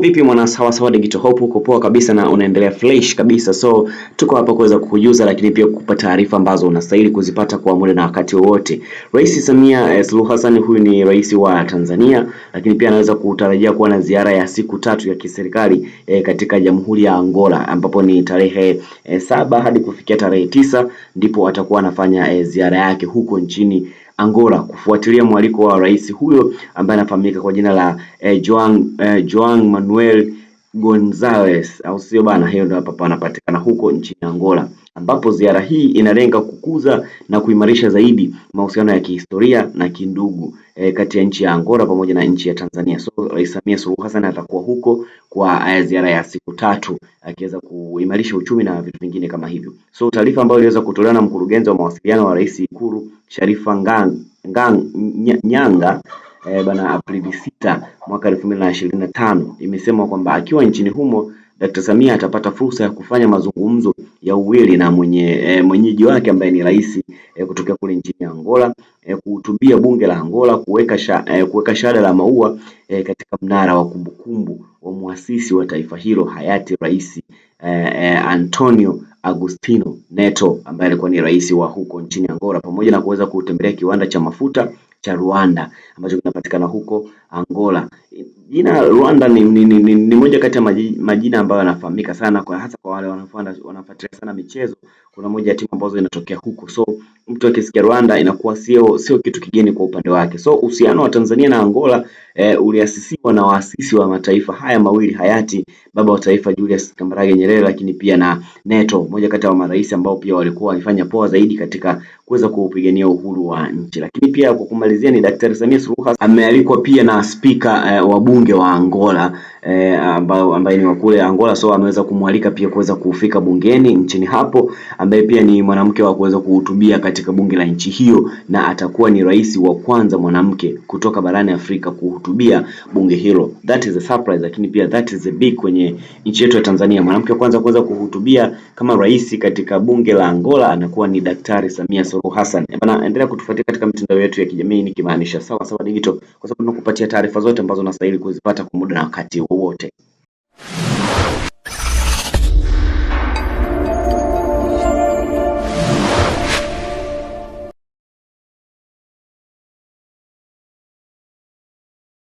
vipi mwana sawa sawa digital hope, uko poa kabisa na unaendelea fresh kabisa. So tuko hapa kuweza kukujuza, lakini pia kukupa taarifa ambazo unastahili kuzipata kwa muda na wakati wowote. Rais Samia eh, Suluhu Hassan huyu ni rais wa Tanzania, lakini pia anaweza kutarajia kuwa na ziara ya siku tatu ya kiserikali eh, katika Jamhuri ya Angola ambapo ni tarehe eh, saba hadi kufikia tarehe tisa ndipo atakuwa anafanya eh, ziara yake huko nchini Angola kufuatilia mwaliko wa rais huyo ambaye anafahamika kwa jina la eh, Joan, eh, Joan Manuel Gonzalez au sio bana? Hiyo ndio hapa panapatikana huko nchini Angola ambapo ziara hii inalenga kukuza na kuimarisha zaidi mahusiano ya kihistoria na kindugu e, kati ya nchi ya Angola pamoja na nchi ya Tanzania. So Rais Samia Suluhu Hassan atakuwa huko kwa eh, ziara ya siku tatu akiweza kuimarisha uchumi na vitu vingine kama hivyo. So taarifa ambayo iliweza kutolewa na mkurugenzi wa mawasiliano wa Rais Ikulu Sharifa Ngang, Ngang, Nyanga e, eh, bana Aprili 6 mwaka 2025 imesema kwamba akiwa nchini humo Dkt Samia atapata fursa ya kufanya mazungumzo ya uwili na mwenye eh, mwenyeji wake ambaye ni rais eh, kutokea kule nchini Angola, eh, kuhutubia bunge la Angola, kuweka sha, kuweka shada la maua katika mnara wa kumbukumbu wa muasisi wa taifa hilo hayati Rais Antonio Agustino Neto ambaye alikuwa ni rais wa huko nchini Angola, pamoja na kuweza kutembelea kiwanda cha mafuta cha Rwanda ambacho kinapatikana huko Angola. Jina Rwanda ni, ni, ni, ni, ni moja kati ya majina ambayo yanafahamika sana kwa hasa kwa wale wanafuata wanafuatilia sana michezo. Kuna moja ya timu ambazo inatokea huko, so mtu akisikia Rwanda inakuwa sio sio kitu kigeni kwa upande wake. So uhusiano wa Tanzania na Angola eh, uliasisiwa na waasisi wa mataifa haya mawili hayati baba wa taifa Julius Kambarage Nyerere, lakini pia na Neto, moja kati ya marais ambao pia walikuwa walifanya poa zaidi katika kuweza kuupigania uhuru wa nchi. Lakini pia kwa kumalizia, ni Daktari Samia Suluhu Hassan amealikwa pia na spika eh, wabunge wa Angola eh, ambaye ni wa kule Angola. So ameweza kumwalika pia kuweza kufika bungeni nchini hapo, ambaye pia ni mwanamke wa kuweza kuhutubia katika bunge la nchi hiyo, na atakuwa ni rais wa kwanza mwanamke kutoka barani Afrika kuhutubia bunge hilo. That is a surprise, lakini pia that is a big kwenye nchi yetu ya Tanzania. Mwanamke wa kwanza kuweza kuhutubia kama rais katika bunge la Angola anakuwa ni Daktari Samia Suluhu Hassan. Eh, bana, endelea kutufuatia katika mitandao yetu ya kijamii nikimaanisha Sawa Sawa Digital, kwa sababu tunakupatia taarifa zote ambazo unastahili kuzipata kwa muda na wakati huu. Water.